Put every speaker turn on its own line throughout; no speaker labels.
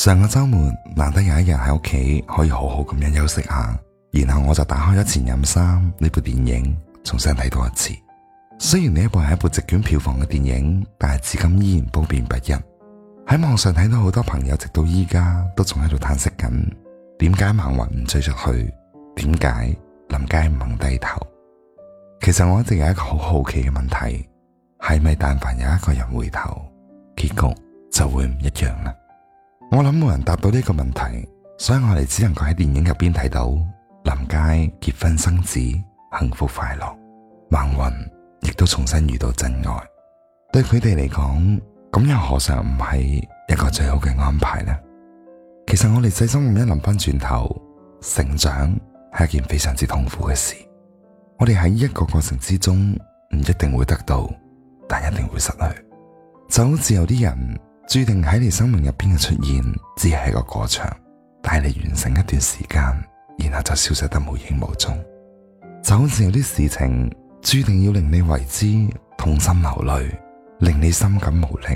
上個周末難得有一日喺屋企可以好好咁樣休息下，然後我就打開咗前任三呢部電影重新睇多一次。雖然呢一部係一部席捲票房嘅電影，但係至今依然褒貶不一。喺網上睇到好多朋友直到依家都仲喺度嘆息緊，點解孟雲唔追出去？點解林佳唔肯低頭？其實我一直有一個好好奇嘅問題，係咪但凡有一個人回頭，結局就會唔一樣呢？我諗冇人答到呢個問題，所以我哋只能夠喺電影入邊睇到林佳結婚生子，幸福快樂，孟雲亦都重新遇到真愛，對佢哋嚟講，咁又何嘗唔係一個最好嘅安排呢？其實我哋細心咁一諗翻轉頭，成長係一件非常之痛苦嘅事，我哋喺一個過程之中唔一定會得到，但一定會失去，就好似有啲人，注定喺你生命入邊嘅出現，只係一個過程，帶你完成一段時間，然後就消失得無影無蹤。就好似有啲事情注定要令你為之痛心流淚，令你心感無力，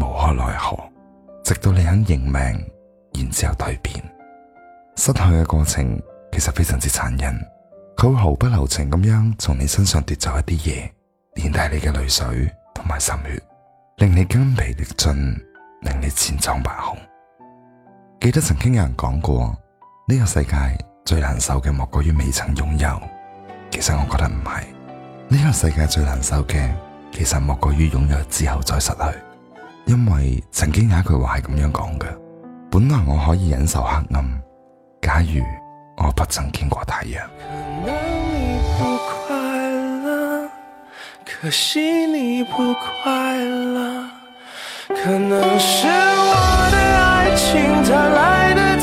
無可奈何，直到你肯認命，然之後蛻變。失去嘅過程其實非常之殘忍，佢會毫不留情咁樣從你身上奪走一啲嘢，連帶你嘅淚水同埋心血，令你筋疲力盡。令你千瘡百孔。記得曾經有人講過，呢個世界最難受嘅莫過於未曾擁有。其實我覺得唔係，呢個世界最難受嘅其實莫過於擁有之後再失去。因為曾經有一句話係咁樣講嘅：本來我可以忍受黑暗，假如我不曾見過太
陽。可能是我的愛情，它來的。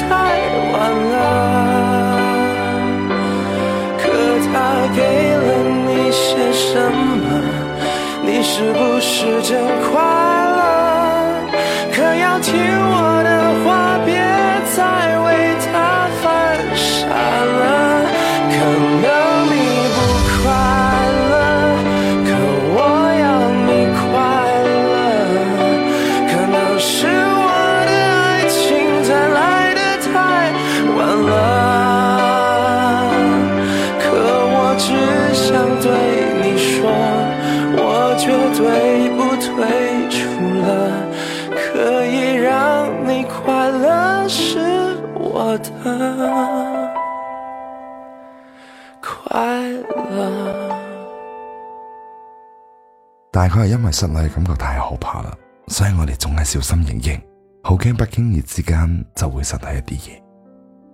大概係因為失去嘅感覺太可怕啦，所以我哋總係小心翼翼，好驚不經意之間就會失去一啲嘢，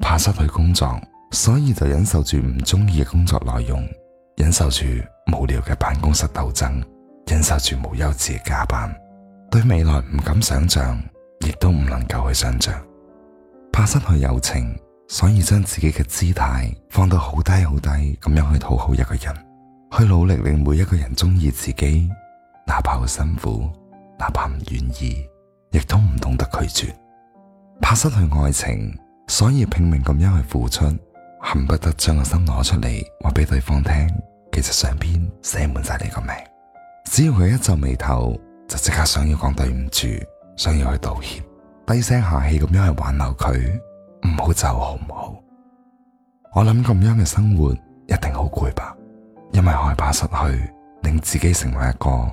怕失去工作，所以就忍受住唔中意嘅工作內容，忍受住無聊嘅辦公室鬥爭，忍受住無休止嘅加班，對未來唔敢想象，亦都唔能夠去想象，怕失去友情，所以將自己嘅姿態放到好低好低，咁樣去討好一個人，去努力令每一個人中意自己。哪怕好辛苦，哪怕唔願意，亦都唔懂得拒絕，怕失去愛情，所以拼命咁樣去付出，恨不得將個心攞出嚟話俾對方聽，其實上邊寫滿晒你個名。只要佢一皺眉頭，就即刻想要講對唔住，想要去道歉，低聲下氣咁樣去挽留佢，唔好走，好唔好？我諗咁樣嘅生活一定好攰吧，因為害怕失去，令自己成為一個，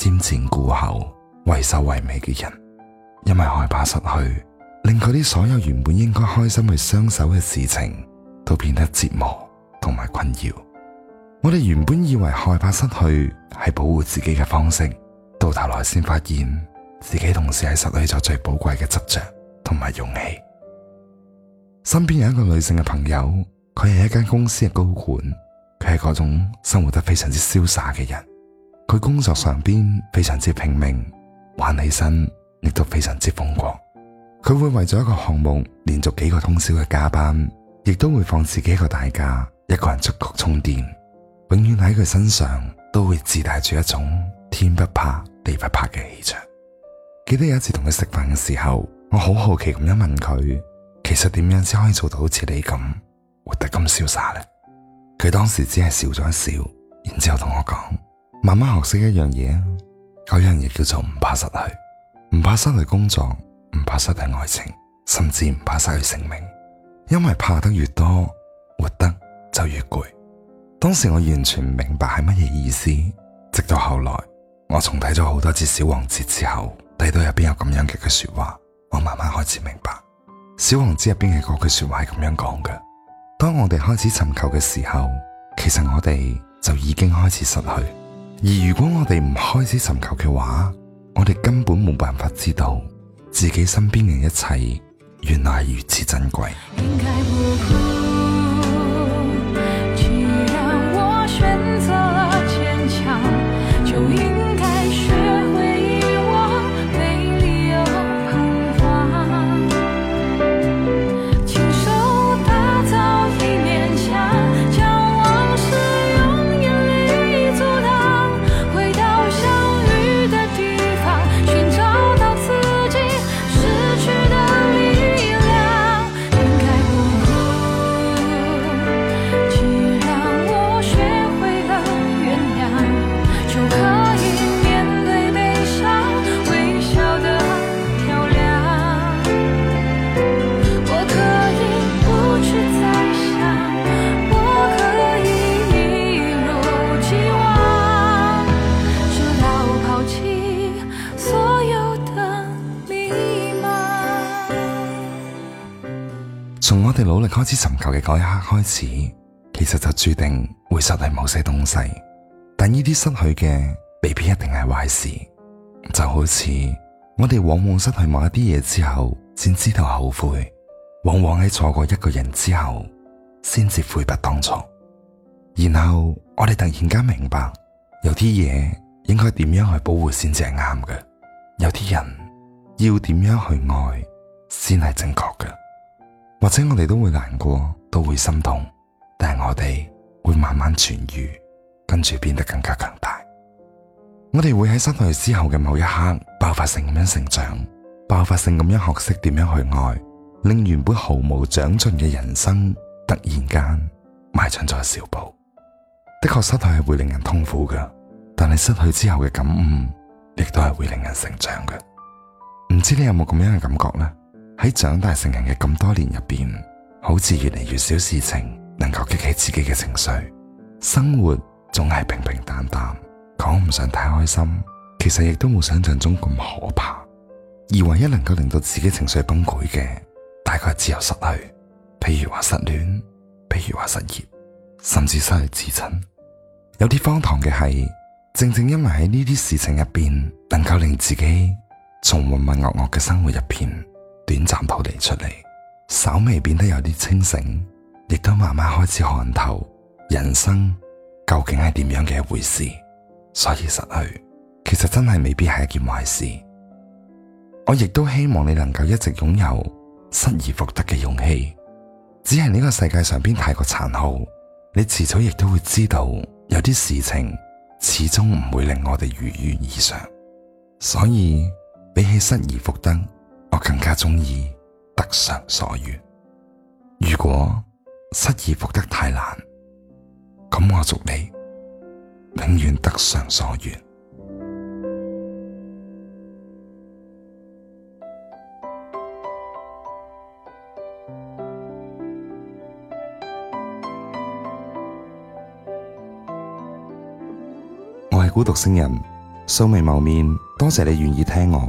瞻前顧後、畏首畏尾嘅人，因為害怕失去，令佢啲所有原本應該開心去雙手嘅事情，都變得折磨同埋困擾。我哋原本以為害怕失去係保護自己嘅方式，到頭來先發現自己同時係失去咗最寶貴嘅執着同埋勇氣。身邊有一個女性嘅朋友，佢係一間公司嘅高管，佢係嗰種生活得非常之瀟灑嘅人。佢工作上邊非常之拼命，玩起身亦都非常之瘋狂。佢會為咗一個項目連續幾個通宵嘅加班，亦都會放自己一個大假，一個人出國充電。永遠喺佢身上都會自帶住一種天不怕地不怕嘅氣場。記得有一次同佢食飯嘅時候，我好好奇咁樣問佢：「其實點樣先可以做到好似你咁活得咁瀟灑呢？」佢當時只係笑咗一笑，然之後同我講。慢慢學識一樣嘢，嗰樣嘢叫做唔怕失去，唔怕失去工作，唔怕失去愛情，甚至唔怕失去性命。因為怕得越多，活得就越攰。當時我完全唔明白係乜嘢意思，直到後來我重睇咗好多次《小王子》之後，睇到入邊有咁樣嘅句說話，我慢慢開始明白《小王子》入邊嘅嗰句說話係咁樣講嘅：當我哋開始尋求嘅時候，其實我哋就已經開始失去。而如果我哋唔開始尋求嘅話，我哋根本冇辦法知道自己身邊嘅一切，原來係如此珍貴。努力開始尋求嘅嗰一刻開始，其實就注定會失去某些東西。但呢啲失去嘅未必一定係壞事。就好似我哋往往失去某一啲嘢之後，先知道後悔；往往喺錯過一個人之後，先至悔不當初。然後我哋突然間明白，有啲嘢應該點樣去保護先至係啱嘅；有啲人要點樣去愛先係正確嘅。或者我哋都會難過，都會心痛，但係我哋會慢慢痊愈，跟住變得更加強大。我哋會喺失去之後嘅某一刻爆發性咁樣成長，爆發性咁樣學識點樣去愛，令原本毫無長進嘅人生突然間邁進咗一小步。的確，失去係會令人痛苦嘅，但係失去之後嘅感悟，亦都係會令人成長嘅。唔知你有冇咁樣嘅感覺呢？喺長大成人嘅咁多年入邊，好似越嚟越少事情能夠激起自己嘅情緒，生活總係平平淡淡，講唔上太開心，其實亦都冇想象中咁可怕。而唯一能夠令到自己情緒崩潰嘅，大概只有失去，譬如話失戀，譬如話失業，甚至失去自尊。有啲荒唐嘅係，正正因為喺呢啲事情入邊，能夠令自己從渾渾噩噩嘅生活入邊。短暫逃離出嚟，稍微變得有啲清醒，亦都慢慢開始看透人生究竟係點樣嘅一回事。所以失去其實真係未必係一件壞事。我亦都希望你能夠一直擁有失而復得嘅勇氣。只係呢個世界上邊太過殘酷，你遲早亦都會知道有啲事情始終唔會令我哋如願以償。所以比起失而復得。我更加中意得償所願。如果失而復得太難，咁我祝你永遠得償所願。我係孤獨星人，素未謀面，多謝你願意聽我。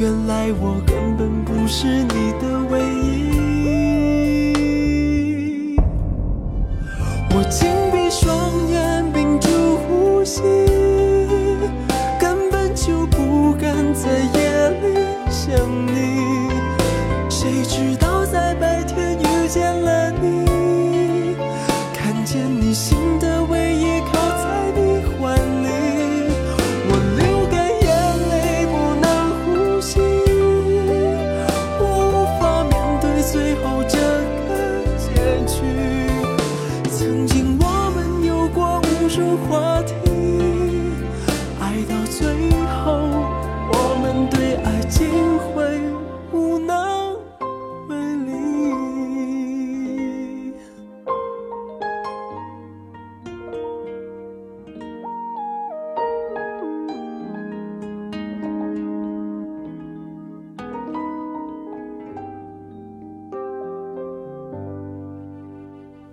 原來我根本不是你的唯一。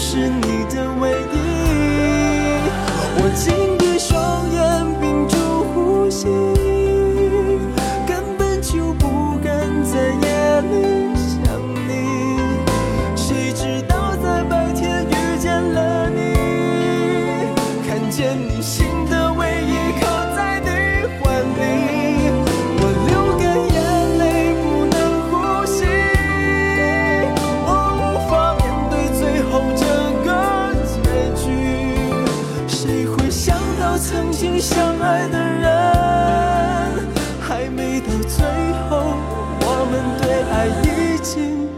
是你的味。曾相愛的人，還沒到最後，我們對愛已經。